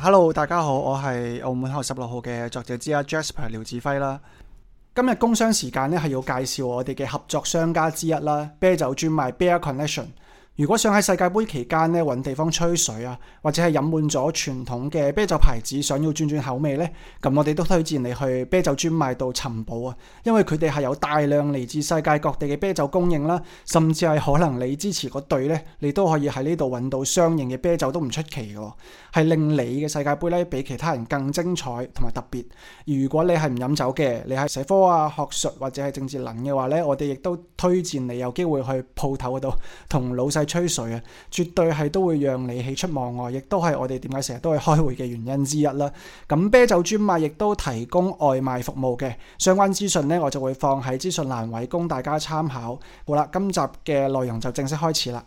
Hello，大家好，我係澳門街十六號嘅作者之一 Jasper 廖子輝啦。今日工商時間呢係要介紹我哋嘅合作商家之一啦，啤酒專賣 Beer Collection。如果想喺世界盃期間咧揾地方吹水啊，或者係飲滿咗傳統嘅啤酒牌子，想要轉轉口味呢，咁我哋都推薦你去啤酒專賣度尋寶啊！因為佢哋係有大量嚟自世界各地嘅啤酒供應啦、啊，甚至係可能你支持個隊咧，你都可以喺呢度揾到相應嘅啤酒都唔出奇嘅喎，係令你嘅世界盃咧比其他人更精彩同埋特別。如果你係唔飲酒嘅，你係社科啊、學術或者係政治能嘅話呢，我哋亦都推薦你有機會去鋪頭嗰度同老細吹水啊，絕對係都會讓你喜出望外、啊，亦都係我哋點解成日都會開會嘅原因之一啦、啊。咁啤酒專賣亦都提供外賣服務嘅，相關資訊呢我就會放喺資訊欄位，供大家參考。好啦，今集嘅內容就正式開始啦。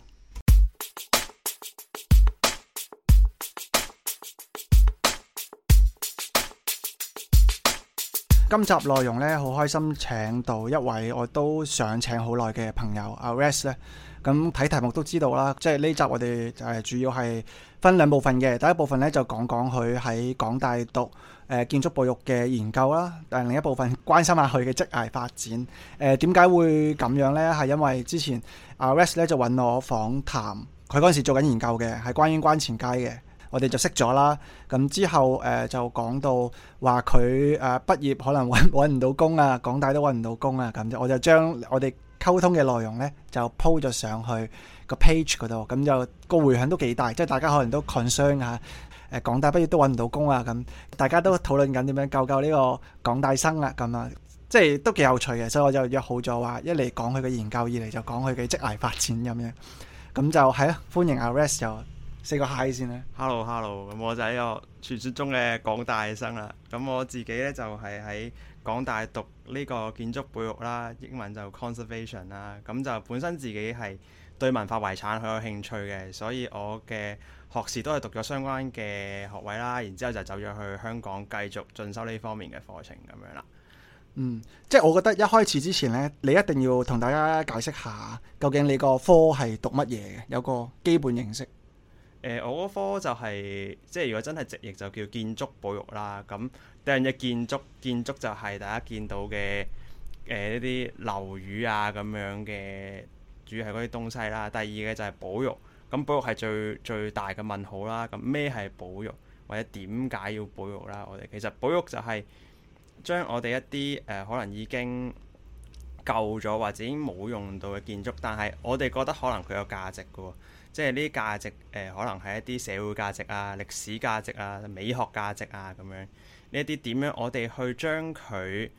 今集內容呢，好開心請到一位我都想請好耐嘅朋友阿 Rex 咧。咁睇題目都知道啦，即係呢集我哋誒、呃、主要係分兩部分嘅，第一部分咧就講講佢喺港大讀誒、呃、建築保育嘅研究啦，但係另一部分關心下佢嘅職涯發展。誒點解會咁樣咧？係因為之前阿 Rex 咧就揾我訪談，佢嗰陣時做緊研究嘅係關於關前街嘅，我哋就識咗啦。咁之後誒、呃、就講到話佢誒畢業可能揾揾唔到工啊，港大都揾唔到工啊，咁就我就將我哋溝通嘅內容呢，就 po 咗上去個 page 嗰度，咁就、個回響都幾大，即係大家可能都 concern 下、啊、誒，港大畢業都揾唔到工啊咁，大家都討論緊點樣救救呢個港大生啦咁啊，即係都幾有趣嘅，所以我就約好咗話，一嚟講佢嘅研究，二嚟就講佢嘅職涯發展咁樣，咁、啊、就係啦、啊，歡迎阿 Rex 就、啊、四個嗨先啦、啊，hello hello，咁我就係呢個傳說中嘅港大生啦，咁我自己呢，就係、是、喺。港大讀呢個建築保育啦，英文就 conservation 啦，咁就本身自己係對文化遺產好有興趣嘅，所以我嘅學士都係讀咗相關嘅學位啦，然之後就走咗去香港繼續進修呢方面嘅課程咁樣啦。嗯，即係我覺得一開始之前呢，你一定要同大家解釋下究竟你個科係讀乜嘢嘅，有個基本認識。誒、呃，我嗰科就係、是、即係如果真係直譯就叫建築保育啦。咁第一建築，建築就係大家見到嘅誒一啲樓宇啊咁樣嘅，主要係嗰啲東西啦。第二嘅就係保育，咁保育係最最大嘅問號啦。咁咩係保育，或者點解要保育啦？我哋其實保育就係將我哋一啲誒、呃、可能已經舊咗或者已經冇用到嘅建築，但係我哋覺得可能佢有價值嘅喎。即係呢啲價值誒、呃，可能係一啲社會價值啊、歷史價值啊、美學價值啊咁樣，呢一啲點樣我哋去將佢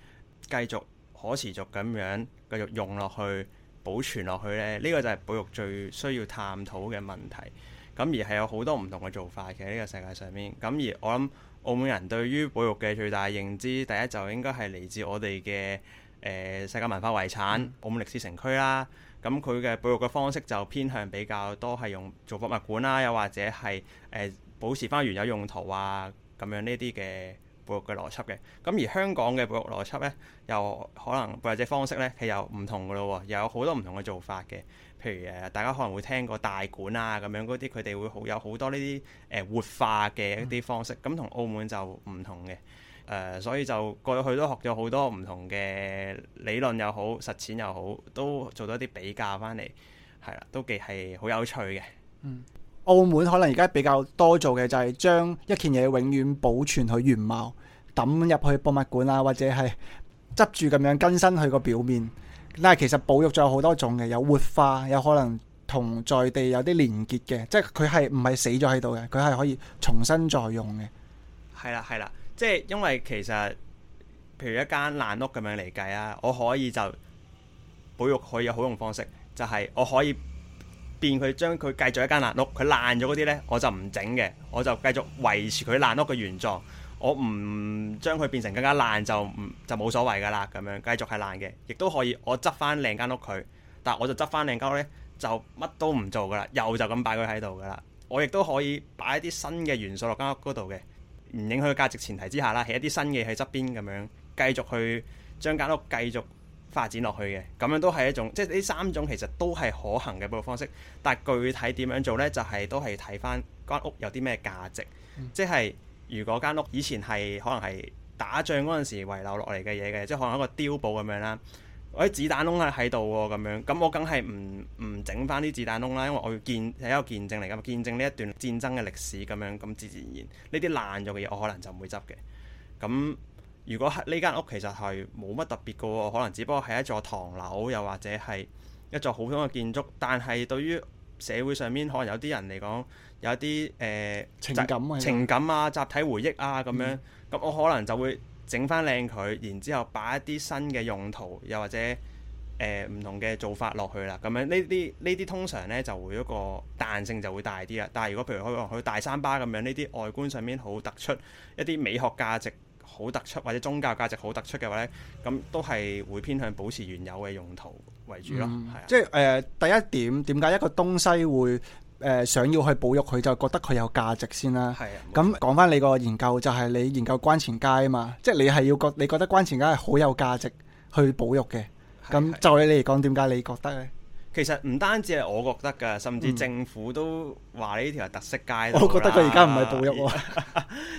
繼續可持續咁樣繼續用落去、保存落去呢？呢、呢個就係保育最需要探討嘅問題。咁而係有好多唔同嘅做法嘅呢個世界上面。咁而我諗澳門人對於保育嘅最大認知，第一就應該係嚟自我哋嘅誒世界文化遺產、嗯、澳門歷史城區啦。咁佢嘅保育嘅方式就偏向比較多係用做博物館啦、啊，又或者係誒、呃、保持翻原有用途啊，咁樣呢啲嘅保育嘅邏輯嘅。咁而香港嘅保育邏輯呢，又可能或者方式呢，係又唔同嘅咯、哦，又有好多唔同嘅做法嘅。譬如誒，大家可能會聽過大館啊，咁樣嗰啲佢哋會好有好多呢啲誒活化嘅一啲方式，咁同澳門就唔同嘅。誒、呃，所以就過去都學咗好多唔同嘅理論又好，實踐又好，都做咗啲比較翻嚟。係啦，都幾係好有趣嘅、嗯。澳門可能而家比較多做嘅就係將一件嘢永遠保存佢原貌，抌入去博物館啊，或者係執住咁樣更新佢個表面。但係其實保育仲有好多種嘅，有活化，有可能同在地有啲連結嘅，即係佢係唔係死咗喺度嘅，佢係可以重新再用嘅。係啦，係啦。即係因為其實譬如一間爛屋咁樣嚟計啊，我可以就保育佢有好用方式，就係我可以變佢將佢繼續一間爛屋，佢爛咗嗰啲呢，我就唔整嘅，我就繼續維持佢爛屋嘅原狀，我唔將佢變成更加爛就唔就冇所謂噶啦，咁樣繼續係爛嘅，亦都可以我執翻靚間屋佢，但我就執翻靚間屋呢，就乜都唔做噶啦，又就咁擺佢喺度噶啦，我亦都可以擺一啲新嘅元素落間屋嗰度嘅。唔影響個價值前提之下啦，起一啲新嘅喺側邊咁樣，繼續去將間屋繼續發展落去嘅，咁樣都係一種，即係呢三種其實都係可行嘅保育方式。但係具體點樣做呢？就係、是、都係睇翻間屋有啲咩價值，嗯、即係如果間屋以前係可能係打仗嗰陣時遺留落嚟嘅嘢嘅，即係可能一個碉堡咁樣啦。我啲子彈窿喺喺度喎，咁樣，咁我梗係唔唔整翻啲子彈窿啦，因為我要見係一個見證嚟噶，見證呢一段戰爭嘅歷史咁樣，咁自自然然，呢啲爛咗嘅嘢我可能就唔會執嘅。咁如果呢間屋其實係冇乜特別嘅，我可能只不過係一座唐樓，又或者係一座普通嘅建築，但係對於社會上面可能有啲人嚟講，有啲誒、呃、情感啊、集情感啊、集體回憶啊咁樣，咁、嗯、我可能就會整翻靚佢，然之後擺一啲新嘅用途又或者誒唔、呃、同嘅做法落去啦，咁樣呢啲呢啲通常呢就會一個彈性就會大啲啦。但係如果譬如去以大三巴咁樣呢啲外觀上面好突出，一啲美學價值好突出，或者宗教價值好突出嘅話呢，咁都係會偏向保持原有嘅用途為主咯。係啊、嗯，是的 即係誒、呃、第一點，點解一個東西會？誒、呃、想要去保育佢，就覺得佢有價值先啦。係啊。咁講返你個研究，就係、是、你研究關前街啊嘛，即係你係要覺你覺得關前街係好有價值去保育嘅。咁的就你嚟講，點解你覺得呢？其實唔單止係我覺得㗎，甚至政府都話呢條係特色街、嗯。我覺得佢而家唔係保育喎，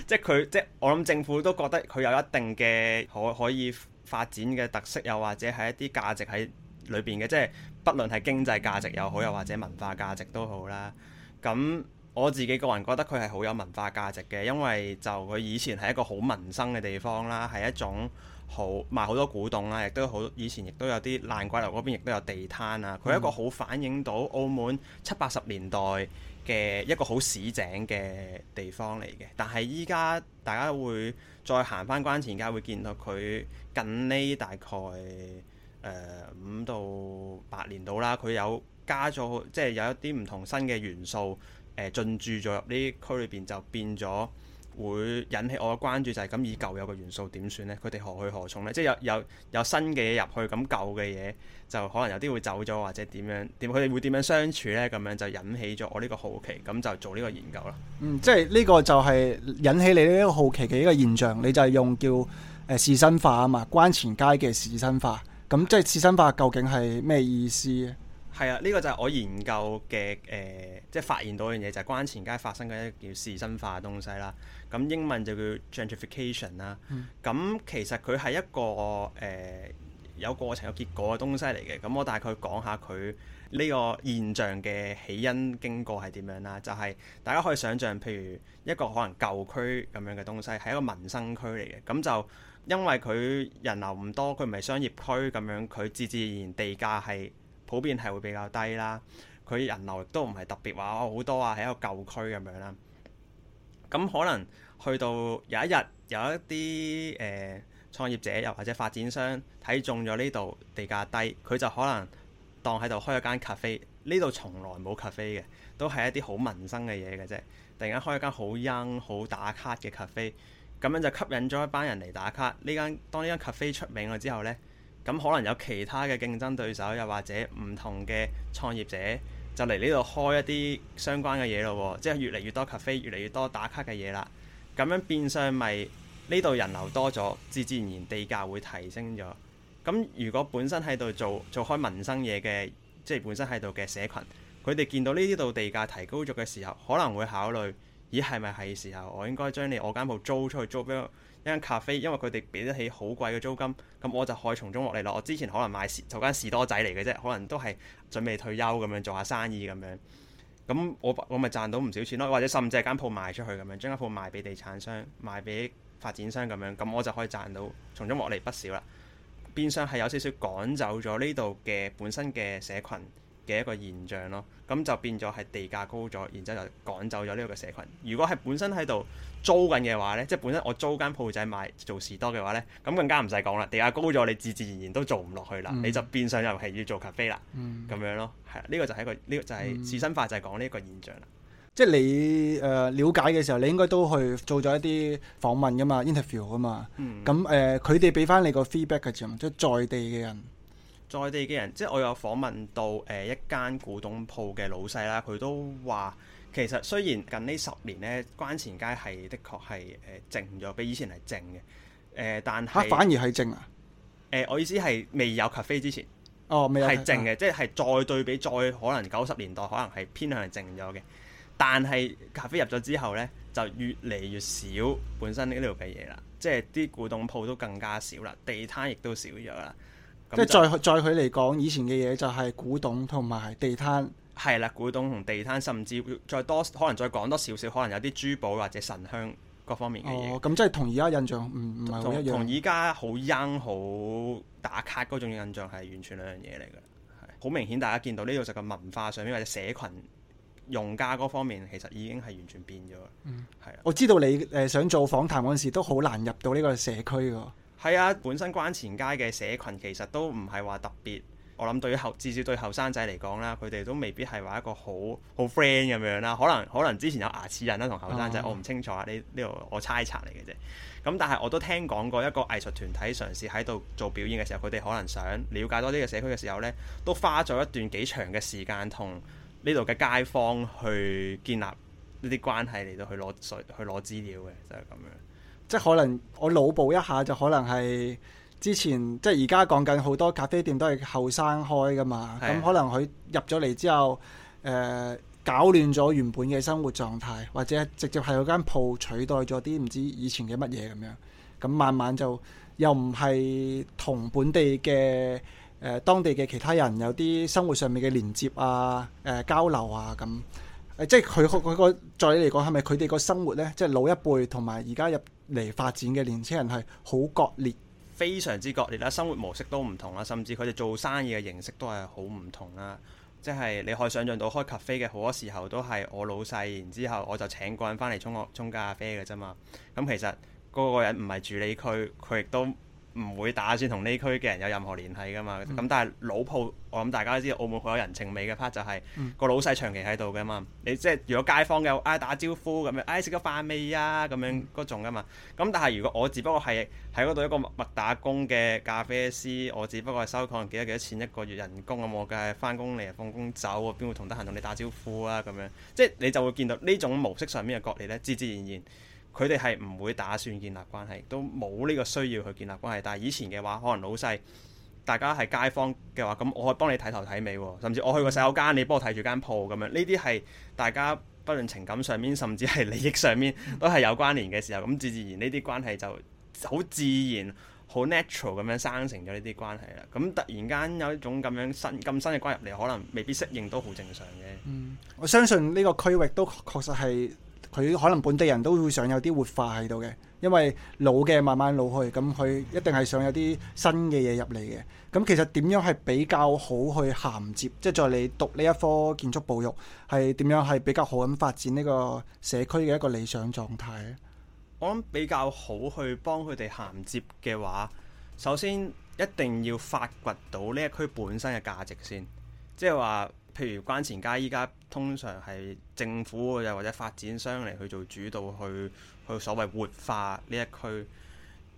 即係佢即係我諗政府都覺得佢有一定嘅可可以發展嘅特色，又或者係一啲價值喺裏邊嘅，即係。不論係經濟價值又好，又或者文化價值都好啦。咁我自己個人覺得佢係好有文化價值嘅，因為就佢以前係一個好民生嘅地方啦，係一種好賣好多古董啦，亦都好以前亦都有啲爛鬼樓嗰邊亦都有地攤啊。佢係一個好反映到澳門七八十年代嘅一個好市井嘅地方嚟嘅。但係依家大家會再行翻關前街，會見到佢近呢大概。誒五、嗯、到八年度啦，佢有加咗，即係有一啲唔同新嘅元素誒、呃，進駐咗入呢區裏邊，就變咗會引起我嘅關注。就係咁，以舊有嘅元素點算呢？佢哋何去何從呢？即係有有有新嘅嘢入去，咁舊嘅嘢就可能有啲會走咗，或者點樣點？佢哋會點樣相處呢？咁樣就引起咗我呢個好奇，咁就做呢個研究啦。嗯，即係呢個就係引起你呢一個好奇嘅一個現象。你就係用叫誒仕紳化啊嘛，關前街嘅仕紳化。咁即係仕紳化究竟係咩意思？係啊，呢、這個就係我研究嘅，誒、呃，即係發現到一樣嘢就係、是、關前街發生嘅一件仕紳化嘅東西啦。咁英文就叫 gentrification 啦。咁、嗯嗯、其實佢係一個誒、呃、有過程有結果嘅東西嚟嘅。咁我大概講下佢呢個現象嘅起因、經過係點樣啦。就係、是、大家可以想象，譬如一個可能舊區咁樣嘅東西，係一個民生區嚟嘅，咁就。因為佢人流唔多，佢唔係商業區咁樣，佢自自然地價係普遍係會比較低啦。佢人流亦都唔係特別話好多啊，係一個舊區咁樣啦。咁可能去到有一日有一啲誒、呃、創業者又或者發展商睇中咗呢度地價低，佢就可能當喺度開一間 cafe。呢度從來冇 cafe 嘅，都係一啲好民生嘅嘢嘅啫。突然間開一間好 young、好打卡嘅 cafe。咁樣就吸引咗一班人嚟打卡。呢間當呢間 cafe 出名咗之後呢，咁可能有其他嘅競爭對手，又或者唔同嘅創業者就嚟呢度開一啲相關嘅嘢咯。即係越嚟越多 cafe，越嚟越多打卡嘅嘢啦。咁樣變相咪呢度人流多咗，自自然然地價會提升咗。咁如果本身喺度做做開民生嘢嘅，即係本身喺度嘅社群，佢哋見到呢啲度地價提高咗嘅時候，可能會考慮。咦，係咪係時候我應該將你我間鋪租出去租俾一間咖啡？因為佢哋俾得起好貴嘅租金，咁我就可以從中獲利咯。我之前可能賣是就間士多仔嚟嘅啫，可能都係準備退休咁樣做下生意咁樣。咁我我咪賺到唔少錢咯，或者甚至係間鋪賣出去咁樣，將間鋪賣俾地產商、賣俾發展商咁樣，咁我就可以賺到從中獲利不少啦。變相係有少少趕走咗呢度嘅本身嘅社群。嘅一個現象咯，咁就變咗係地價高咗，然之後就趕走咗呢個社群。如果係本身喺度租緊嘅話呢，即係本身我租間鋪仔買做士多嘅話呢，咁更加唔使講啦，地價高咗，你自自然然都做唔落去啦，嗯、你就變相又係要做 cafe 啦，咁、嗯、樣咯，係啦，呢個就係一個呢、這個就係仕紳化就係講呢一個現象啦。即係你誒瞭、呃、解嘅時候，你應該都去做咗一啲訪問噶嘛，interview 噶嘛，咁誒佢哋俾翻你個 feedback 嘅時候，即、就、係、是、在地嘅人。內地嘅人，即係我有訪問到誒、呃、一間古董鋪嘅老細啦，佢都話其實雖然近呢十年咧，關前街係的確係誒靜咗，比以前係靜嘅，但係反而係靜啊、呃！我意思係未有 cafe 之前哦，未係靜嘅，啊、即係再對比，再可能九十年代可能係偏向係靜咗嘅，但係 cafe 入咗之後呢，就越嚟越少本身呢度嘅嘢啦，即係啲古董鋪都更加少啦，地攤亦都少咗啦。即係再再佢嚟講，以前嘅嘢就係古董同埋地攤係啦，古董同地攤，甚至再多可能再講多少少，可能有啲珠寶或者神香各方面嘅嘢。哦，咁即係同而家印象唔唔係好一樣，同而家好 young 好打卡嗰種印象係完全兩樣嘢嚟噶。係好明顯，大家見到呢度就個文化上面或者社群用家嗰方面，其實已經係完全變咗啦。嗯，係啊，我知道你誒想做訪談嗰陣時都好難入到呢個社區噶。係啊，本身關前街嘅社群其實都唔係話特別，我諗對於後至少對後生仔嚟講啦，佢哋都未必係話一個好好 friend 咁樣啦。可能可能之前有牙齒印啦，同後生仔，我唔清楚，呢呢度我猜測嚟嘅啫。咁但係我都聽講過一個藝術團體嘗試喺度做表演嘅時候，佢哋可能想了解多啲嘅社區嘅時候呢，都花咗一段幾長嘅時間同呢度嘅街坊去建立呢啲關係嚟到去攞水去攞資料嘅，就係、是、咁樣。即係可能我腦補一下就可能係之前即係而家講緊好多咖啡店都係後生開㗎嘛，咁的可能佢入咗嚟之後誒、呃、搞亂咗原本嘅生活狀態，或者直接係嗰間鋪取代咗啲唔知以前嘅乜嘢咁樣，咁慢慢就又唔係同本地嘅誒、呃、當地嘅其他人有啲生活上面嘅連接啊、誒、呃、交流啊咁，誒即係佢、個個再嚟講，係咪佢哋個生活咧？即係老一輩同埋而家入。嚟發展嘅年青人係好割裂，非常之割裂啦。生活模式都唔同啦，甚至佢哋做生意嘅形式都係好唔同啦。即係你可以想像到開 cafe 嘅好多時候都係我老細，然之後我就請個人翻嚟沖個沖咖啡嘅啫嘛。咁其實嗰個人唔係住呢區，佢亦都，唔會打算同呢區嘅人有任何聯繫噶嘛，咁、嗯、但係老鋪，我諗大家都知澳門好有人情味嘅 part 就係、是嗯、個老細長期喺度噶嘛，你即係如果街坊有哎、啊、打招呼咁，啊啊、樣，哎食咗飯未啊？咁樣嗰種噶嘛，咁但係如果我只不過係喺嗰度一個默默打工嘅咖啡師，我只不過係收可能幾多幾多錢一個月人工咁我梗係，翻工嚟放工走，邊會同得閒同你打招呼啊咁樣，即係你就會見到呢種模式上面嘅角力咧，自自然然。佢哋係唔會打算建立關係，都冇呢個需要去建立關係。但係以前嘅話，可能老細，大家係街坊嘅話，咁我可以幫你睇頭睇尾，甚至我去個洗手間，你幫我睇住間鋪咁樣。呢啲係大家，不論情感上面，甚至係利益上面，都係有關聯嘅時候，咁自自然呢啲關係就好自然、好 natural 咁樣生成咗呢啲關係啦。咁突然間有一種咁樣新咁新嘅關係入嚟，可能未必適應，都好正常嘅。嗯，我相信呢個區域都確實係。佢可能本地人都會想有啲活化喺度嘅，因為老嘅慢慢老去，咁佢一定係想有啲新嘅嘢入嚟嘅。咁其實點樣係比較好去銜接，即係在你讀呢一科建築保育係點樣係比較好咁發展呢個社區嘅一個理想狀態？我諗比較好去幫佢哋銜接嘅話，首先一定要發掘到呢一區本身嘅價值先，即係話。譬如關前街依家通常係政府又或者發展商嚟去做主導，去去所謂活化呢一區。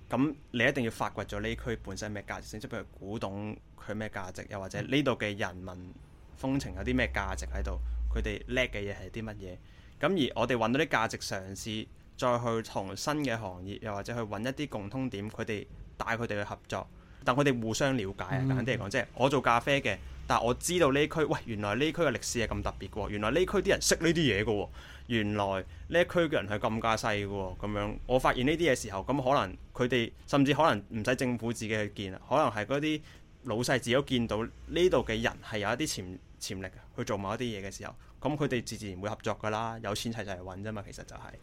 咁你一定要發掘咗呢區本身咩價值，性，即係譬如古董佢咩價值，又或者呢度嘅人民風情有啲咩價值喺度，佢哋叻嘅嘢係啲乜嘢。咁而我哋揾到啲價值，嘗試再去同新嘅行業，又或者去揾一啲共通點，佢哋帶佢哋去合作。但佢哋互相了解啊，簡單啲講，即係我做咖啡嘅，但係我知道呢區，喂，原來呢區嘅歷史係咁特別嘅。原來呢區啲人識呢啲嘢嘅。原來呢一區嘅人係咁架勢嘅。咁樣我發現呢啲嘢時候，咁可能佢哋甚至可能唔使政府自己去見，可能係嗰啲老細自己都見到呢度嘅人係有一啲潛潛力去做某一啲嘢嘅時候，咁佢哋自自然會合作㗎啦。有錢齊齊揾啫嘛，其實就係、是。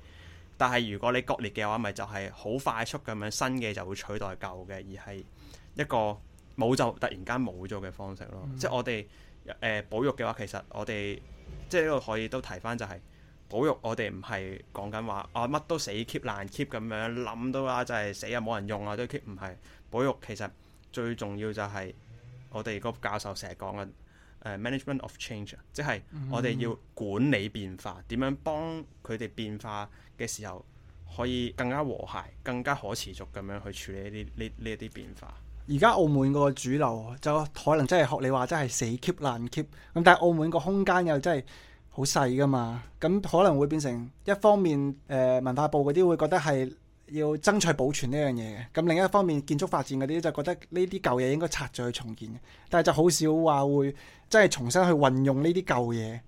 但係如果你割裂嘅話，咪就係、是、好快速咁樣新嘅就會取代舊嘅，而係。一個冇就突然間冇咗嘅方式咯，嗯、即係我哋誒、呃、保育嘅話，其實我哋即係呢度可以都提翻就係保育我說說。我哋唔係講緊話啊乜都死 keep 爛 keep 咁樣諗到啊，就係死又冇人用啊都 keep 唔係保育。其實最重要就係我哋個教授成日講嘅 management of change，即係我哋要管理變化，點、嗯、樣幫佢哋變化嘅時候可以更加和諧、更加可持續咁樣去處理呢啲、呢呢一啲變化。而家澳門個主流就可能真係學你話，真係死 keep 爛 keep 咁。但係澳門個空間又真係好細㗎嘛，咁可能會變成一方面誒、呃、文化部嗰啲會覺得係要爭取保存呢樣嘢嘅，咁另一方面建築發展嗰啲就覺得呢啲舊嘢應該拆咗去重建嘅，但係就好少話會真係重新去運用呢啲舊嘢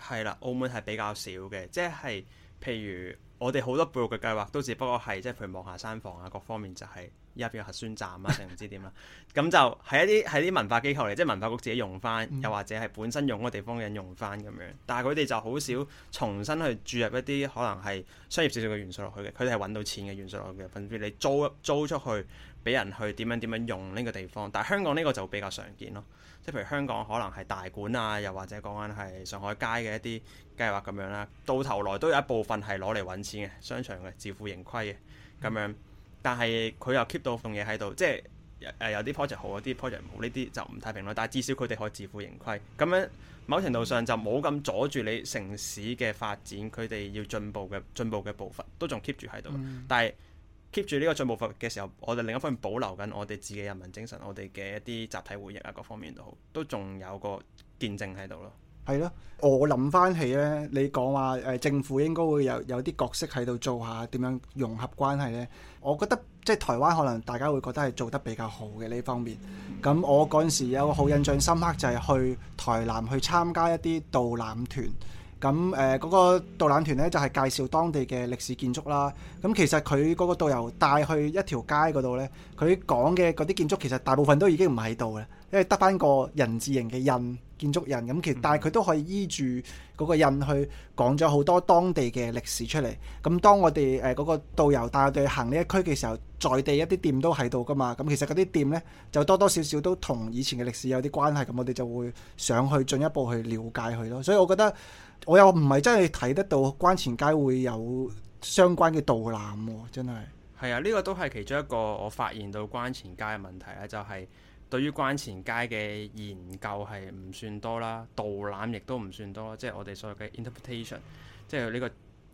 係啦。澳門係比較少嘅，即係。譬如我哋好多補嘅計劃都只不過係，即係譬如望廈山房啊各方面，就係而家有核酸站啊，定唔知點啦，咁就係一啲係啲文化機構嚟，即係文化局自己用翻，又或者係本身用嗰個地方嘅人用翻咁樣，但係佢哋就好少重新去注入一啲可能係商業少少嘅元素落去嘅，佢哋係揾到錢嘅元素落去嘅，分別你租租出去俾人去點樣點樣用呢個地方，但係香港呢個就比較常見咯。即係譬如香港可能係大館啊，又或者講緊係上海街嘅一啲計劃咁樣啦，到頭來都有一部分係攞嚟揾錢嘅商場嘅自負盈虧嘅咁樣，但係佢又 keep 到份嘢喺度，即係有啲 project 好，有啲 project 唔好，呢啲就唔太平啦。但係至少佢哋可以自負盈虧，咁樣某程度上就冇咁阻住你城市嘅發展，佢哋要進步嘅進步嘅部分都仲 keep 住喺度，但係，keep 住呢個進步發嘅時候，我哋另一方面保留緊我哋自己人民精神，我哋嘅一啲集體回憶啊，各方面都好，都仲有個見證喺度咯。係咯，我諗翻起咧，你講話誒政府應該會有有啲角色喺度做下點樣融合關係呢？我覺得即係台灣可能大家會覺得係做得比較好嘅呢方面。咁我嗰陣時有個好印象深刻就係去台南去參加一啲導覽團。咁誒嗰個導覽團咧，就係介紹當地嘅歷史建築啦。咁其實佢嗰個導遊帶去一條街嗰度咧，佢講嘅嗰啲建築其實大部分都已經唔喺度啦，因為得返個人字形嘅印建築人。咁其但係佢都可以依住嗰個印去講咗好多當地嘅歷史出嚟。咁當我哋誒嗰個導遊帶我哋行呢一區嘅時候，在地一啲店都喺度㗎嘛。咁其實嗰啲店咧就多多少少都同以前嘅歷史有啲關係。咁我哋就會想去進一步去了解佢咯。所以我覺得。我又唔係真係睇得到關前街會有相關嘅導覽、哦，真係係啊。呢、這個都係其中一個我發現到關前街嘅問題咧，就係、是、對於關前街嘅研究係唔算多啦，導覽亦都唔算多，即係我哋所謂嘅 interpretation，即係呢個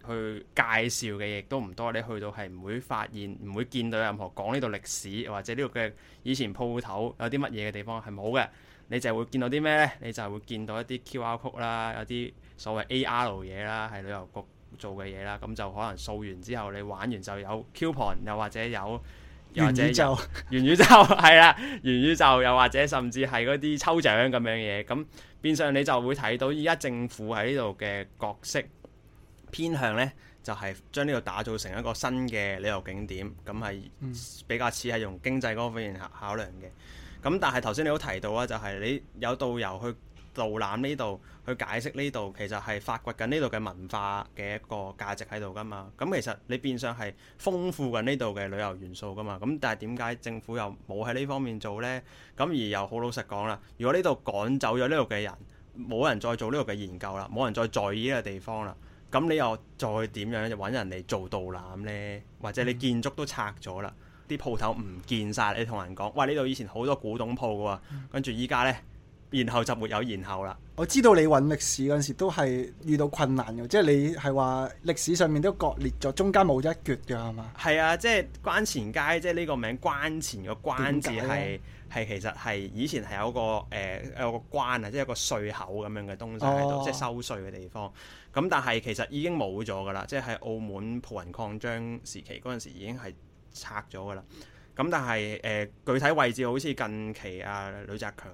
去介紹嘅亦都唔多。你去到係唔會發現，唔會見到任何講呢度歷史或者呢度嘅以前鋪頭有啲乜嘢嘅地方係冇嘅。你就係會見到啲咩咧？你就係會見到一啲 QR Code 啦，有啲。所謂 A.R. 嘢啦，係旅遊局做嘅嘢啦，咁就可能掃完之後，你玩完就有 coupon，又或者有，又或者就元宇宙，係啦宇， 元宇宙，又或者甚至係嗰啲抽獎咁樣嘢，咁變相你就會睇到依家政府喺呢度嘅角色偏向呢，就係將呢度打造成一個新嘅旅遊景點，咁係比較似係用經濟嗰方面考量嘅。咁但係頭先你都提到啊，就係、是、你有導遊去。導覽呢度去解釋呢度，其實係發掘緊呢度嘅文化嘅一個價值喺度㗎嘛。咁其實你變相係豐富緊呢度嘅旅遊元素㗎嘛。咁但係點解政府又冇喺呢方面做呢？咁而又好老實講啦，如果呢度趕走咗呢度嘅人，冇人再做呢度嘅研究啦，冇人再在意呢個地方啦，咁你又再點樣？就揾人嚟做導覽呢？或者你建築都拆咗啦，啲鋪頭唔見晒。你同人講：「喂，呢度以前好多古董鋪㗎喎，跟住依家呢。」然後就沒有然後啦。我知道你揾歷史嗰陣時都係遇到困難嘅，即係你係話歷史上面都割裂咗，中間冇一橛嘅係嘛？係啊，即係關前街，即係呢個名關前個關字係係其實係以前係有個誒有個關啊，即係一個稅口咁樣嘅東西喺度，即係收稅嘅地方。咁但係其實已經冇咗噶啦，即係澳門葡人擴張時期嗰陣時已經係拆咗噶啦。咁但係誒具體位置好似近期啊呂澤強。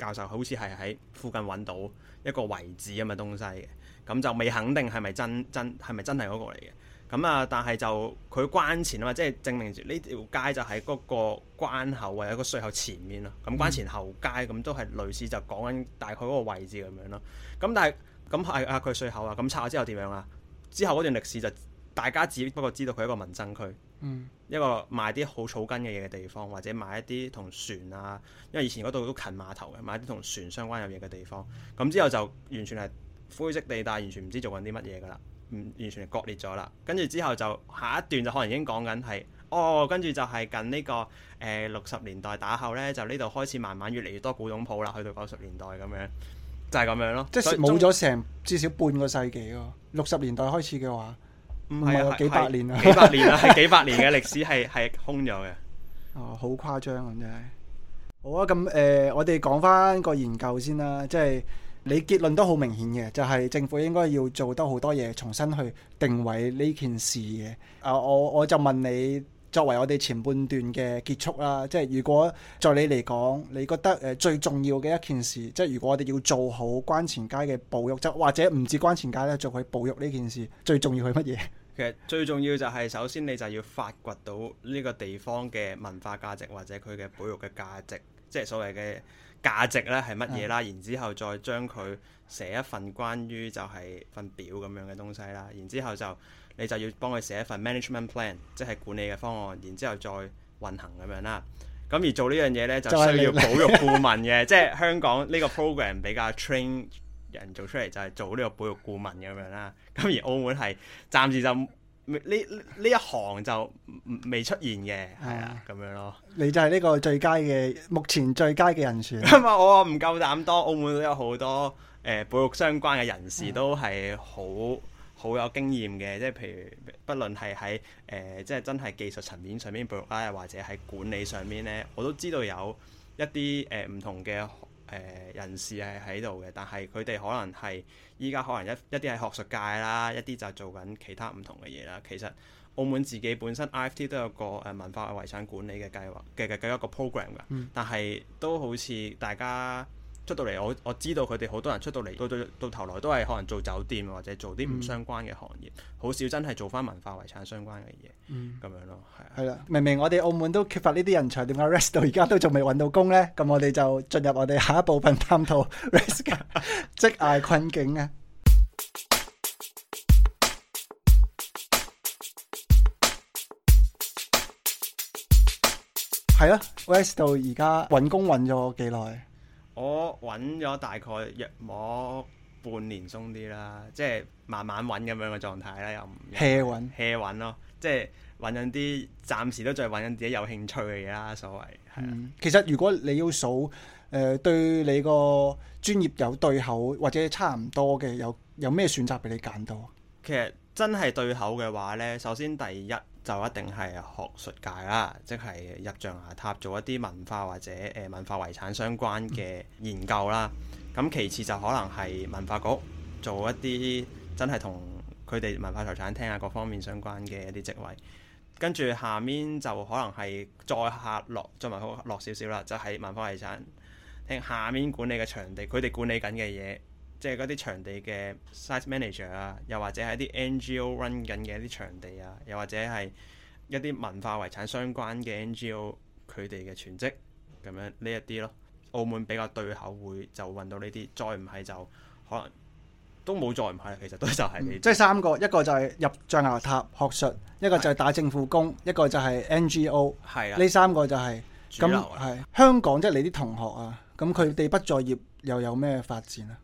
教授好似係喺附近揾到一個位置咁嘅東西嘅，咁就未肯定係咪真真係咪真係嗰個嚟嘅，咁啊但係就佢關前啊嘛，即係證明住呢條街就喺嗰個關口或者一個稅口前面咯，咁關前後街咁都係類似就講緊大概嗰個位置咁樣咯，咁但係咁係啊佢稅口啊，咁拆咗之後點樣啊？之後嗰段歷史就大家只不過知道佢係一個民爭區。嗯，一個賣啲好草根嘅嘢嘅地方，或者賣一啲同船啊，因為以前嗰度都近碼頭嘅，買啲同船相關有嘢嘅地方。咁之後就完全係灰色地帶，完全唔知做緊啲乜嘢噶啦，完全係割裂咗啦。跟住之後就下一段就可能已經講緊係哦，跟住就係近呢、呢個誒六十年代打後呢，就呢度開始慢慢越嚟越多古董鋪啦，去到九十年代咁樣，就係、是、咁樣咯，即係冇咗成至少半個世紀咯、啊。六十年代開始嘅話。唔係啊，幾百年啊，幾百年啊，係 幾百年嘅歷史係係空咗嘅。哦，好誇張啊，真係。好啊，咁誒、呃，我哋講翻個研究先啦，即係你結論都好明顯嘅，就係、是、政府應該要做得好多嘢，重新去定位呢件事嘅。啊、呃，我我就問你，作為我哋前半段嘅結束啦，即係如果在你嚟講，你覺得誒最重要嘅一件事，即係如果我哋要做好關前街嘅保育，就或者唔止關前街咧，做佢保育呢件事，最重要係乜嘢？最重要就係首先你就要發掘到呢個地方嘅文化價值或者佢嘅保育嘅價值，即係所謂嘅價值咧係乜嘢啦，嗯、然之後再將佢寫一份關於就係份表咁樣嘅東西啦，然之後就你就要幫佢寫一份 management plan，即係管理嘅方案，然之後再運行咁樣啦。咁而做呢樣嘢呢，就需要保育顧問嘅，即係 香港呢個 program 比較 train 人做出嚟就係做呢個保育顧問咁樣啦，咁而澳門係暫時就呢呢一行就未出現嘅，係啊咁樣咯。你就係呢個最佳嘅，目前最佳嘅人選。咁啊，我唔夠膽多。澳門都有好多誒保、呃、育相關嘅人士都係好好有經驗嘅，即係譬如不論係喺誒即係真係技術層面上面保育啦，或者喺管理上面呢，我都知道有一啲誒唔同嘅。誒、呃、人士係喺度嘅，但係佢哋可能係依家可能一一啲係學術界啦，一啲就做緊其他唔同嘅嘢啦。其實澳門自己本身 IFT 都有個誒文化遺產管理嘅計劃嘅嘅一個 program 㗎，嗯、但係都好似大家。出到嚟，我我知道佢哋好多人出到嚟，到到到頭來都係可能做酒店或者做啲唔相關嘅行業，好少真係做翻文化遺產相關嘅嘢，嗯，咁樣咯，係啦。明明我哋澳門都缺乏呢啲人才，點解 Rex 到而家都仲未搵到工呢？咁我哋就進入我哋下一部分探討 Rex 嘅職涯困境啊。係咯，Rex 到而家搵工搵咗幾耐？我揾咗大概約摸半年鬆啲啦，即係慢慢揾咁樣嘅狀態啦，又唔 hea 揾 hea 揾咯，即係揾緊啲暫時都仲係揾緊自己有興趣嘅嘢啦，所謂係啊。其實如果你要數誒、呃、對你個專業有對口或者差唔多嘅有有咩選擇俾你揀到？其實真係對口嘅話咧，首先第一。就一定係學術界啦，即係入象牙塔做一啲文化或者誒文化遺產相關嘅研究啦。咁其次就可能係文化局做一啲真係同佢哋文化財產廳啊各方面相關嘅一啲職位。跟住下面就可能係再下落，再埋落少少啦，就係文化遺產廳下面管理嘅場地，佢哋管理緊嘅嘢。即係嗰啲場地嘅 size manager 啊，又或者係一啲 NGO run 緊嘅一啲場地啊，又或者係一啲文化遺產相關嘅 NGO 佢哋嘅全職咁樣呢一啲咯。澳門比較對口會就揾到呢啲，再唔係就可能都冇再唔係。其實都就係呢，即係三個，一個就係入象牙塔學術，一個就係打政府工，一個就係 NGO 的。係啦，呢三個就係咁。係香港即係你啲同學啊。咁佢哋畢咗業又有咩發展啊？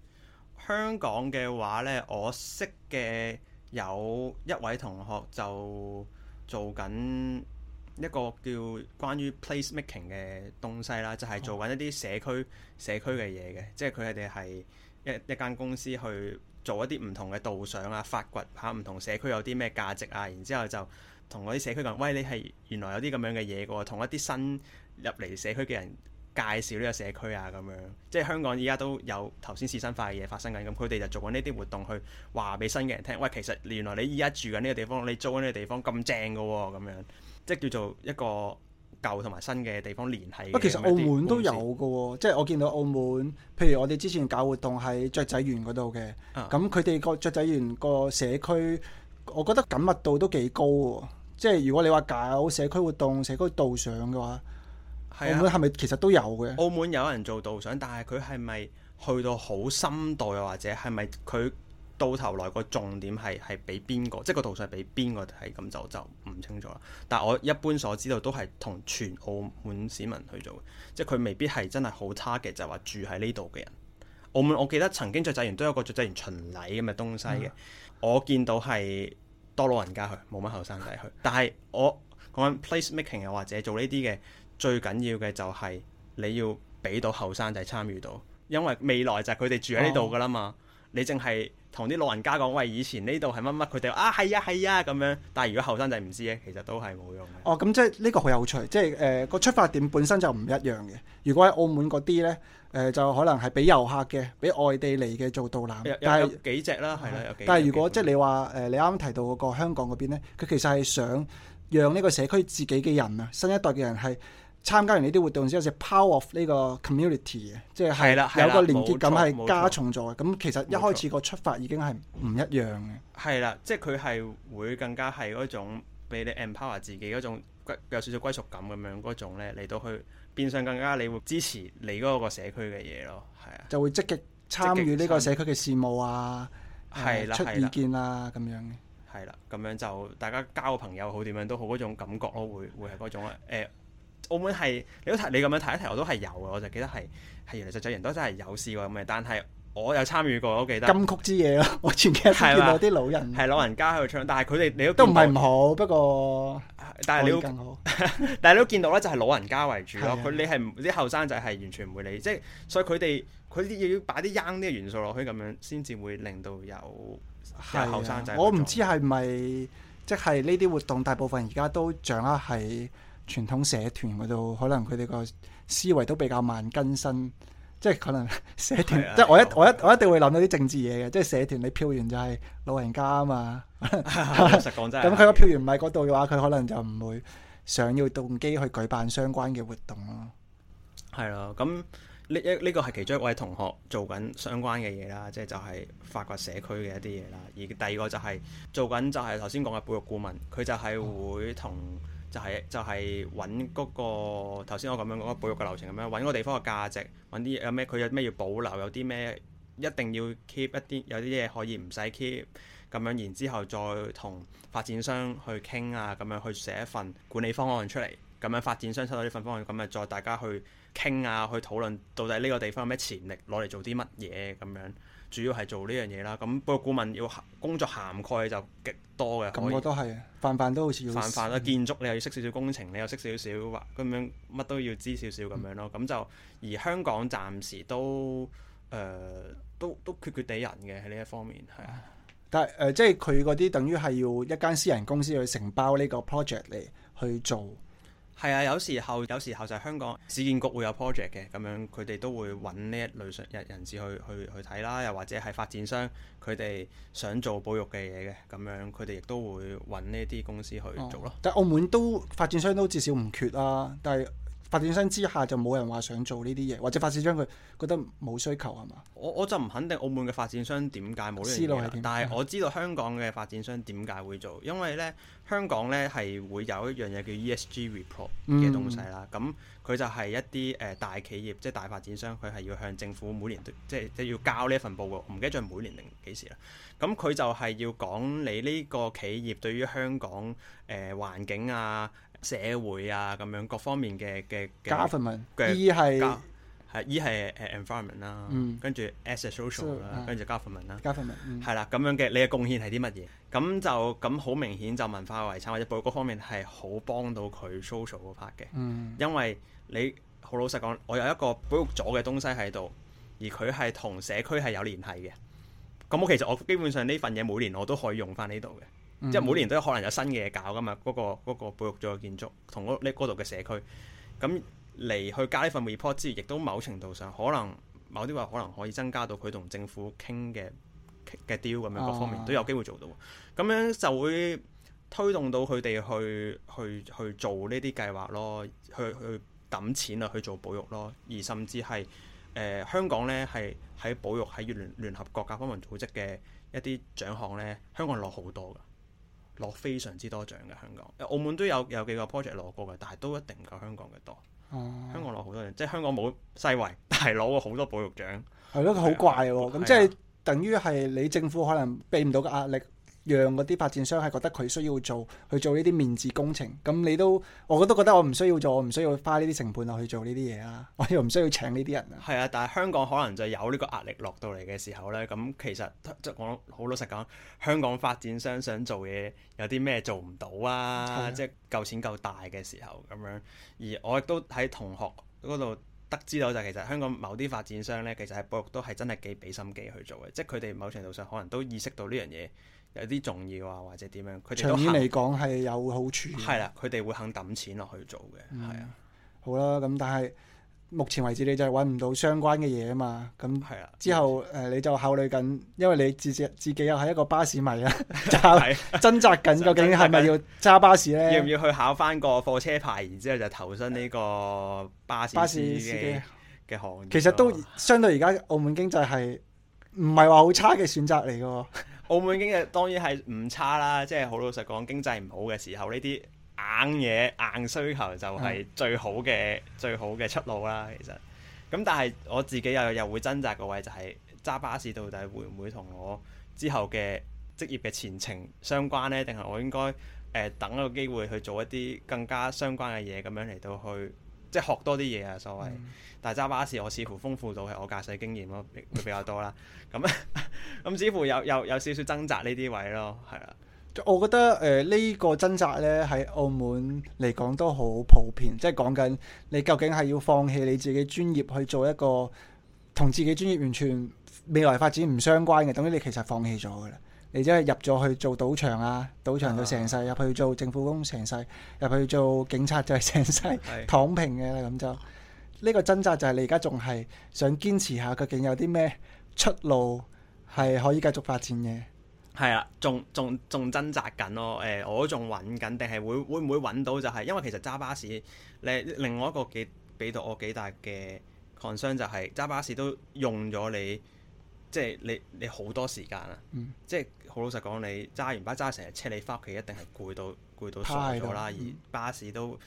香港嘅話呢，我識嘅有一位同學就做緊一個叫關於 place making 嘅東西啦，就係、是、做緊一啲社區社區嘅嘢嘅，即係佢哋係一一間公司去做一啲唔同嘅導賞啊、發掘下唔同社區有啲咩價值啊，然之後就同嗰啲社區人，喂，你係原來有啲咁樣嘅嘢嘅喎，同一啲新入嚟社區嘅人。介紹呢個社區啊，咁樣即係香港依家都有頭先仕紳化嘅嘢發生緊，咁佢哋就做緊呢啲活動去話俾新嘅人聽。喂，其實原來你依家住緊呢個地方，你租緊呢個地方咁正嘅喎、哦，咁樣即係叫做一個舊同埋新嘅地方聯繫。喂，其實澳門都有嘅喎、哦哦，即係我見到澳門，譬如我哋之前搞活動喺雀仔園嗰度嘅，咁佢哋個雀仔園個社區，我覺得緊密度都幾高喎。即係如果你話搞社區活動、社區導賞嘅話。係啊，係咪其實都有嘅？澳門有人做導賞，但係佢係咪去到好深度，又或者係咪佢到頭來個重點係係俾邊個？即係個導賞俾邊個，係咁就就唔清楚啦。但係我一般所知道都係同全澳門市民去做嘅，即係佢未必係真係好差嘅。就話、是、住喺呢度嘅人，澳門我記得曾經雀仔園都有個雀仔園巡禮咁嘅東西嘅。嗯、我見到係多老人家去，冇乜後生仔去。但係我講緊 place making 又或者做呢啲嘅。最緊要嘅就係你要俾到後生仔參與到，因為未來就係佢哋住喺呢度噶啦嘛。哦、你淨係同啲老人家講喂，以前呢度係乜乜，佢哋啊係啊係啊咁樣。但係如果後生仔唔知咧，其實都係冇用嘅。哦，咁即係呢個好有趣，即係誒個出發點本身就唔一樣嘅。如果喺澳門嗰啲呢，誒、呃、就可能係俾遊客嘅，俾外地嚟嘅做導覽。有幾隻啦，係啦，有幾。但係如果即係你話誒，你啱啱提到嗰個香港嗰邊咧，佢其實係想讓呢個社區自己嘅人啊，新一代嘅人係。參加完呢啲活動之後，就係、power of 呢個 community 嘅，即係有個連結感係加重咗。咁其實一開始個出發已經係唔一樣嘅。係啦，即係佢係會更加係嗰種俾你 empower 自己嗰種有少少歸屬感咁樣嗰種咧，嚟到去變相更加你會支持你嗰個社區嘅嘢咯，係啊，就會積極參與呢個社區嘅事務啊，係啦，嗯、的出意見啊咁樣，係啦，咁樣就大家交個朋友好點樣都好嗰種感覺咯，會會係嗰種、呃澳門係你都提你咁樣提一提，我都係有嘅。我就記得係係原來實際人都真係有試過咁嘅。但係我有參與過，我記得金曲之夜咯。我前幾日都見到啲老人，係老人家喺度唱。但係佢哋你都唔係唔好，不過但係你都但係你都見到咧，就係老人家為主。佢你係啲後生仔係完全唔會理，即係所以佢哋佢啲要擺啲 young 啲元素落去咁樣，先至會令到有後生仔。啊、我唔知係咪即係呢啲活動大部分而家都掌握喺，傳統社團嗰度，可能佢哋個思維都比較慢更新，即係可能社團，的即係我一的我一我一定會諗到啲政治嘢嘅，即係社團你票員就係老人家啊嘛，的 實講真。咁佢個票員唔喺嗰度嘅話，佢的可能就唔會想要動機去舉辦相關嘅活動咯。係咯，咁呢一呢個係其中一位同學做緊相關嘅嘢啦，即係就係發掘社區嘅一啲嘢啦。而第二個就係、是、做緊就係頭先講嘅保育顧問，佢就係會同。就係就係揾嗰個頭先我講緊嗰個保育嘅流程咁樣，揾個地方嘅價值，揾啲有咩佢有咩要保留，有啲咩一定要 keep 一啲，有啲嘢可以唔使 keep 咁樣，然之後再同發展商去傾啊，咁樣去寫一份管理方案出嚟，咁樣發展商收到呢份方案，咁咪再大家去。傾啊，去討論到底呢個地方有咩潛力，攞嚟做啲乜嘢咁樣。主要係做呢樣嘢啦。咁不過顧問要工作涵蓋就極多嘅。咁我都係，泛泛都好似要。泛泛啊。建築你又要識少少工程，你又識少少啊咁樣，乜都要知少少咁樣咯。咁、嗯、就而香港暫時都誒、呃、都都缺缺地人嘅喺呢一方面係啊。但係誒、呃，即係佢嗰啲等於係要一間私人公司去承包呢個 project 嚟去做。係啊，有時候有時候就係香港市建局會有 project 嘅咁樣，佢哋都會揾呢一類上人士去去去睇啦，又或者係發展商佢哋想做保育嘅嘢嘅咁樣，佢哋亦都會揾呢啲公司去做咯、哦。但係澳門都發展商都至少唔缺啊，但係。發展商之下就冇人話想做呢啲嘢，或者發展商佢覺得冇需求係嘛？我我就唔肯定澳門嘅發展商點解冇呢樣嘢，思路係點樣？但係我知道香港嘅發展商點解會做，因為呢，香港呢係會有一樣嘢叫 ESG report 嘅東西啦。咁佢、嗯、就係一啲誒、呃、大企業，即係大發展商，佢係要向政府每年即係即要交呢一份報告。唔記得咗係每年定幾時啦。咁佢就係要講你呢個企業對於香港誒、呃、環境啊，社會啊，咁樣各方面嘅嘅嘅 government 二係係二係誒 environment 啦，environ ment，嗯、跟住 as a social 啦，跟住 government 啦，government 係啦，咁樣嘅你嘅貢獻係啲乜嘢？咁就咁好明顯就文化遺產或者保育方面係好幫到佢 social part 嘅，嗯、因為你好老實講，我有一個保育咗嘅東西喺度，而佢係同社區係有聯繫嘅，咁我其實我基本上呢份嘢每年我都可以用翻呢度嘅。嗯、即係每年都有可能有新嘅嘢搞噶嘛。嗰、那個嗰、那個保育咗嘅建築，同嗰呢度嘅社區咁嚟去加呢份 report 之餘，亦都某程度上可能某啲話可能可以增加到佢同政府傾嘅嘅 deal，咁樣各方面都有機會做到。咁、哦、樣就會推動到佢哋去去去做呢啲計劃咯，去去揼錢啊，去做保育咯，而甚至係誒、呃、香港呢，係喺保育喺聯聯合國教科文組織嘅一啲獎項呢，香港攞好多噶。攞非常之多獎嘅香港，澳門都有有幾個 project 攞過嘅，但係都一定夠香港嘅多。哦、啊，香港攞好多獎，即係香港冇世遺，但係攞過好多保育獎係咯，佢好的的怪喎。咁的即係等於係你政府可能避唔到嘅壓力。讓嗰啲發展商係覺得佢需要做去做呢啲面子工程，咁你都我我都覺得我唔需要做，我唔需要花呢啲成本落去做呢啲嘢啊。我又唔需要請呢啲人。啊。係啊，但係香港可能就有呢個壓力落到嚟嘅時候呢。咁其實即我好老實講，香港發展商想做嘢有啲咩做唔到啊？啊即係夠錢夠大嘅時候咁樣。而我亦都喺同學嗰度得知到就係其實香港某啲發展商呢，其實係保育都係真係幾俾心機去做嘅，即係佢哋某程度上可能都意識到呢樣嘢。有啲重要啊，或者點樣？佢哋長遠嚟講係有好處。係啦，佢哋會肯抌錢落去做嘅，係啊、嗯。的好啦，咁但係目前為止你就揾唔到相關嘅嘢啊嘛。咁係啊。之後誒的、呃、你就考慮緊，因為你自己自己又係一個巴士迷啦，爭 掙扎緊究竟係咪要揸巴士咧？ 要唔要去考翻個貨車牌，然之後就投身呢個巴士司機嘅行業？其實都相對而家澳門經濟係唔係話好差嘅選擇嚟嘅喎。澳門經濟當然係唔差啦，即係好老實講，經濟唔好嘅時候，呢啲硬嘢硬需求就係最好嘅、嗯、最好嘅出路啦。其實，咁但係我自己又又會掙扎個位、就係，就係揸巴士到底會唔會同我之後嘅職業嘅前程相關呢？定係我應該誒、呃、等一個機會去做一啲更加相關嘅嘢，咁樣嚟到去。即係學多啲嘢啊！所謂大揸巴士，我似乎豐富到係我駕駛經驗咯，會比，比較多啦。咁 咁、嗯，似乎有有，有少少掙扎呢啲位咯，係啊。我覺得誒呢、呃呢個掙扎呢，喺澳門嚟講都好普遍，即係講緊你究竟係要放棄你自己專業去做一個同自己專業完全未來發展唔相關嘅，等於你其實放棄咗㗎啦。你真係入咗去做賭場啊，賭場就成世入去做政府工成世，入去做警察就係成世躺平嘅咁就，呢、這個掙扎就係你而家仲係想堅持下，究竟有啲咩出路係可以繼續發展嘅？係啊，仲仲仲掙扎緊咯，誒、呃，我仲揾緊，定係會會唔會揾到、就是？就係因為其實揸巴士，你另外一個幾俾到我幾大嘅 concern 就係、是、揸巴士都用咗你，即係你你好多時間啊，即係、嗯。好老實講，你揸完巴揸成日車，你翻屋企一定係攰到攰到傻咗啦。而巴士都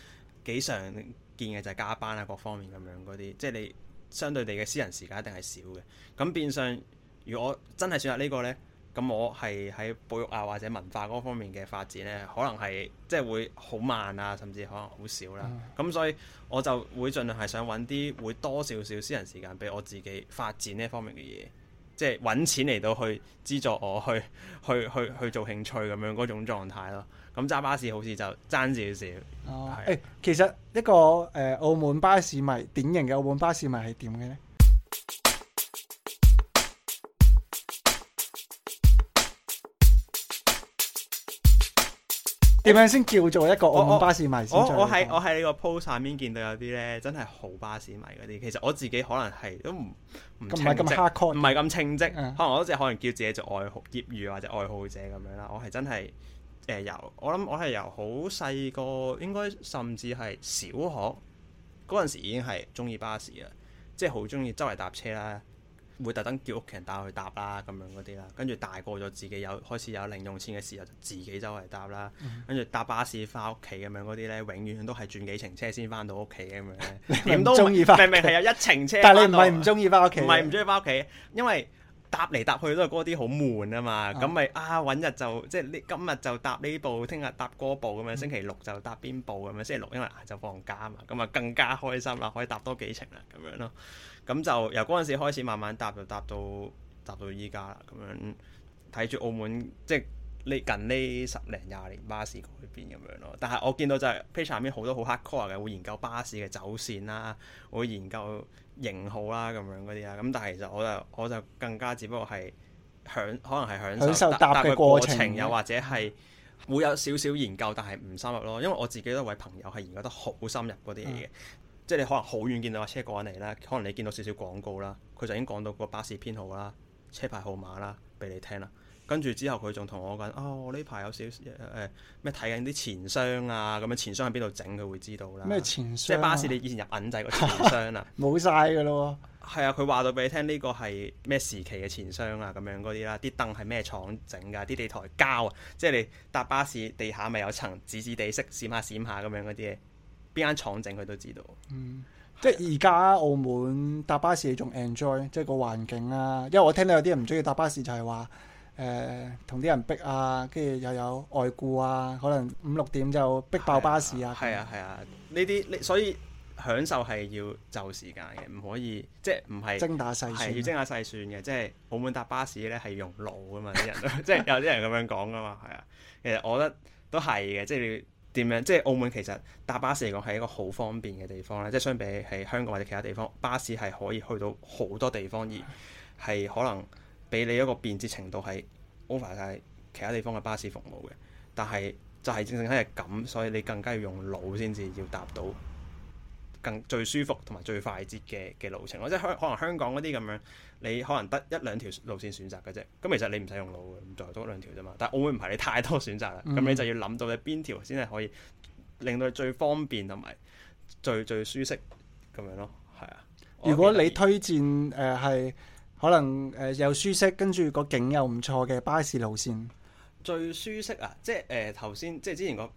幾常見嘅就係、是、加班啊，各方面咁樣嗰啲，即係你相對地嘅私人時間一定係少嘅。咁變相，如果真係選擇呢個呢，咁我係喺保育、啊、或者文化嗰方面嘅發展呢，可能係即係會好慢啊，甚至可能好少啦、啊。咁、嗯、所以我就會盡量係想揾啲會多多少少私人時間俾我自己發展呢方面嘅嘢。即係揾錢嚟到去資助我，去去去去做興趣咁樣嗰種狀態咯。咁揸巴士好似就爭少少。哦、是、欸，其實一個、呃、澳門巴士迷典型嘅澳門巴士迷係點嘅呢？點樣先叫做一個澳門我 巴士迷先？我喺我喺呢個 post 上面見到有啲咧，真係好巴士迷嗰啲。其實我自己可能係都唔唔咁唔係咁 hard core，唔係咁稱職啊。嗯、可能我只可能叫自己做愛好業餘或者愛好者咁樣啦。我係真係誒由我諗我係由好細個，應該甚至係小學嗰陣時已經係中意巴士啊，即係好中意周圍搭車啦。會特登叫屋企人帶我去搭啦，咁樣嗰啲啦，跟住大個咗自己有開始有零用錢嘅時候，就自己周圍搭啦，跟住、嗯、搭巴士翻屋企咁樣嗰啲咧，永遠都係轉幾程車先翻到屋企咁樣。唔中意明明係有一程車，但係你唔係唔中意翻屋企，唔係唔中意翻屋企，因為搭嚟搭去都係嗰啲好悶啊嘛，咁咪、嗯、啊揾日就即係今日就搭呢部，聽日搭嗰部咁樣，星期六就搭邊部咁樣，星期六因為、啊、就放假啊嘛，咁啊更加開心啦，可以搭多幾程啦咁樣咯。咁、嗯、就由嗰陣時開始，慢慢搭就搭到搭到依家啦。咁樣睇住澳門，即係呢近呢十零廿年巴士嗰邊咁樣咯。但係我見到就係 page 下面好多好 hardcore 嘅，會研究巴士嘅走線啦，會研究型號啦，咁樣嗰啲啊。咁但係其實我就我就更加只不過係享，可能係享，享受搭嘅過程，又或者係會有少少研究，但係唔深入咯。因為我自己都位朋友係研究得好深入嗰啲嘢嘅。嗯即係你可能好遠見到架車過緊嚟啦，可能你見到少少廣告啦，佢就已經講到個巴士編號啦、車牌號碼啦，俾你聽啦。跟住之後佢仲同我講：哦，我呢排有少少誒咩睇緊啲錢箱啊，咁樣錢箱喺邊度整佢會知道啦。咩錢箱、啊？即係巴士你以前入銀仔個錢箱啦。冇晒噶咯喎。係啊，佢話到俾你聽，呢個係咩時期嘅錢箱啊，咁、 啊啊、樣嗰啲啦，啲凳係咩廠整㗎？啲地台膠啊，即係你搭巴士地下咪有層紫紫地色閃下閃下咁樣嗰啲嘢。呢間廠整佢都知道，嗯啊、即係而家澳門搭巴士仲 enjoy，即係個環境啊。因為我聽到有啲人唔中意搭巴士就，就係話誒同啲人逼啊，跟住又有外顧啊，可能五六點就逼爆巴士啊。係啊係啊，呢啲、啊啊、所,所以享受係要就時間嘅，唔可以即係唔係精打細算係要精打細算嘅。啊、即係澳門搭巴士咧係用腦噶嘛啲 人嘛，即係有啲人咁樣講噶嘛係啊。其實我覺得都係嘅，即、就、係、是。點樣？即係澳門，其實搭巴士嚟講，係一個好方便嘅地方咧，即係相比喺香港或者其他地方，巴士係可以去到好多地方，而係可能俾你一個便捷程度係 over 曬其他地方嘅巴士服務嘅。但係就係正正係咁，所以你更加要用腦先至要搭到。更最舒服同埋最快捷嘅嘅路程，或者可可能香港嗰啲咁樣，你可能得一兩條路線選擇嘅啫。咁其實你唔使用，用路嘅，咁就嗰兩條啫嘛。但係我會唔係你太多選擇啦。咁、嗯、你就要諗到你邊條先係可以令到你最方便同埋最最舒適咁樣咯。係啊。如果你推薦誒，係、呃、可能誒又、呃、舒適，跟住個景又唔錯嘅巴士路線、嗯、最舒適啊！即係誒頭先即係之前、那個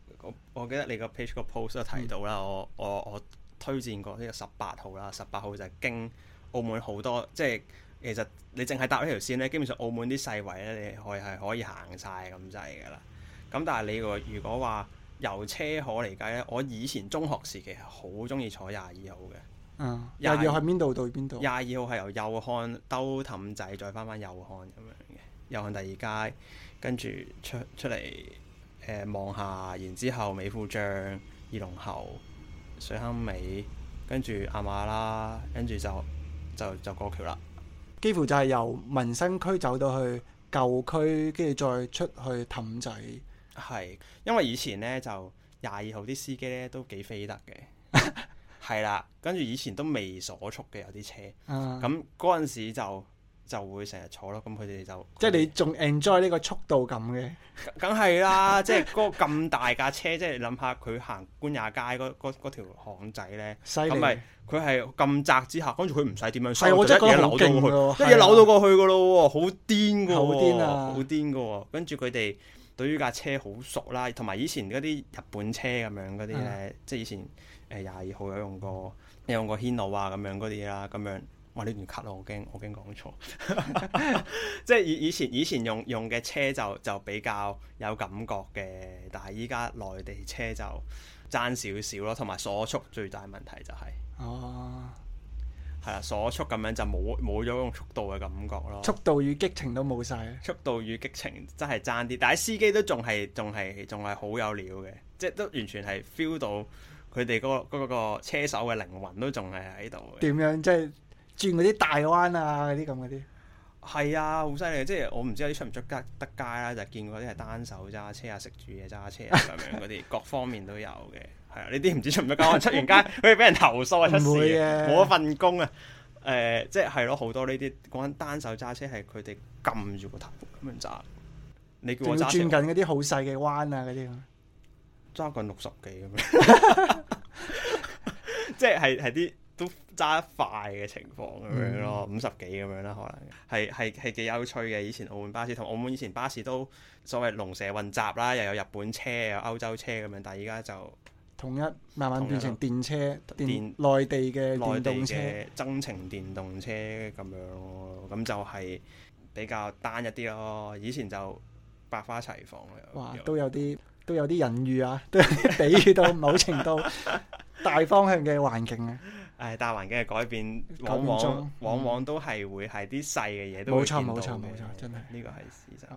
我記得你個 page 個 post 都提到啦、嗯。我我我。推薦過呢個十八號啦，十八號就係經澳門好多，即係其實你淨係搭呢條線呢，基本上澳門啲細位呢，你可係可以行曬咁滯㗎啦。咁但係你如果話由車河嚟計呢，我以前中學時期係好中意坐廿二號嘅。嗯、啊，廿二，廿二號係邊度到邊度？廿二號係由祐漢兜氹仔，再翻返祐漢咁樣嘅。祐漢第二街，跟住出出嚟誒望下，然之後美副將二龍喉。水坑尾，跟住亞馬喇，跟住就就就，就過橋啦。幾乎就係由民生區走到去舊區，跟住再出去氹仔。係，因為以前咧就廿二號啲司機咧都幾飛得嘅。係啦， 跟住以前都未鎖速嘅有啲車。嗯，咁嗰陣時就。就會成日坐咯，咁佢哋就即係你仲 enjoy 呢個速度咁嘅，梗係啦！ 即係嗰個咁大架車，即係諗下佢行官雅街官也街嗰嗰條巷仔咧，咁咪佢係咁窄之下，跟住佢唔使點樣，係我真覺得好勁咯，一扭到過去噶咯，好癲噶，好癲啊，好癲噶！跟住佢哋對於架車好熟啦，同埋以前嗰啲日本車咁樣嗰啲咧，的即係以前誒廿二號有用過，有用過 Hino 啊咁樣嗰啲啦，咁樣。哇！呢段卡咯，我驚我驚講錯。 即係以以前以前用用嘅車就就比較有感覺嘅，但係依家內地車就爭少少咯，同埋鎖速最大問題就係、是、哦，係啦，鎖速咁樣就冇冇咗種速度嘅感覺咯。速度與激情都冇晒。速度與激情真係爭啲，但係司機都仲係仲係仲係好有料嘅，即係都完全係 feel 到佢哋嗰嗰個車手嘅靈魂都仲係喺度。點樣即係？轉嗰啲大彎啊，嗰啲咁嗰啲，係啊，好犀利！即係我唔知有啲出唔出街得街啦，就是、見過啲係單手揸車啊，食住嘢揸車啊，咁樣嗰啲，各方面都有嘅。係 啊，呢啲唔知出唔出街，出完街佢似俾人投訴啊，出事，唔會啊！我份工啊，誒、呃，即係係咯，好多呢啲講單手揸車係佢哋撳住個頭咁樣揸。你叫我揸緊嗰啲好細嘅彎啊，嗰啲揸緊六十幾咁樣，即係係啲。揸快嘅情況咁樣咯，嗯、五十幾咁樣啦，可能係係係幾有趣嘅。以前澳門巴士同澳門以前巴士都所謂龍蛇混雜啦，又有日本車，又有歐洲車咁樣，但係而家就統一慢慢變成電車、電、電內地嘅內地嘅增程電動車咁樣咯，咁就係比較單一啲咯。以前就百花齊放啊哇，都有啲都有啲隱喻啊，都有啲比喻到某程度 大方向嘅環境啊。誒大環境嘅改變，往往往往都係會係啲細嘅嘢都見到。嗯，冇錯，冇錯，冇錯，真係呢個係事實。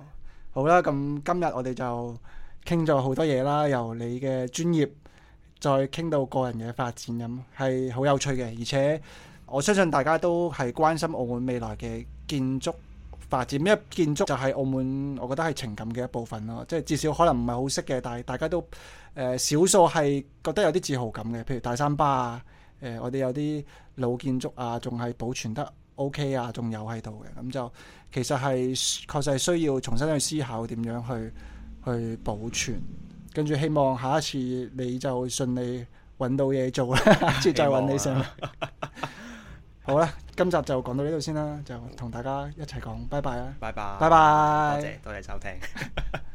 好啦，咁今日我哋就傾咗好多嘢啦，由你嘅專業再傾到個人嘅發展，咁係好有趣嘅。而且我相信大家都係關心澳門未來嘅建築發展，因為建築就係澳門，我覺得係情感嘅一部分咯。即係至少可能唔係好識嘅，但係大家都誒、呃、少數係覺得有啲自豪感嘅，譬如大三巴啊。誒、呃，我哋有啲老建築啊，仲係保存得 OK 啊，仲有喺度嘅，咁、嗯、就其實係確實係需要重新去思考點樣去去保存，跟住希望下一次你就順利揾到嘢做啦，接、啊、 再揾你上。 好啦，今集就講到呢度先啦，就同大家一齊講，拜拜啦、啊，拜拜，拜拜，多謝多謝收聽。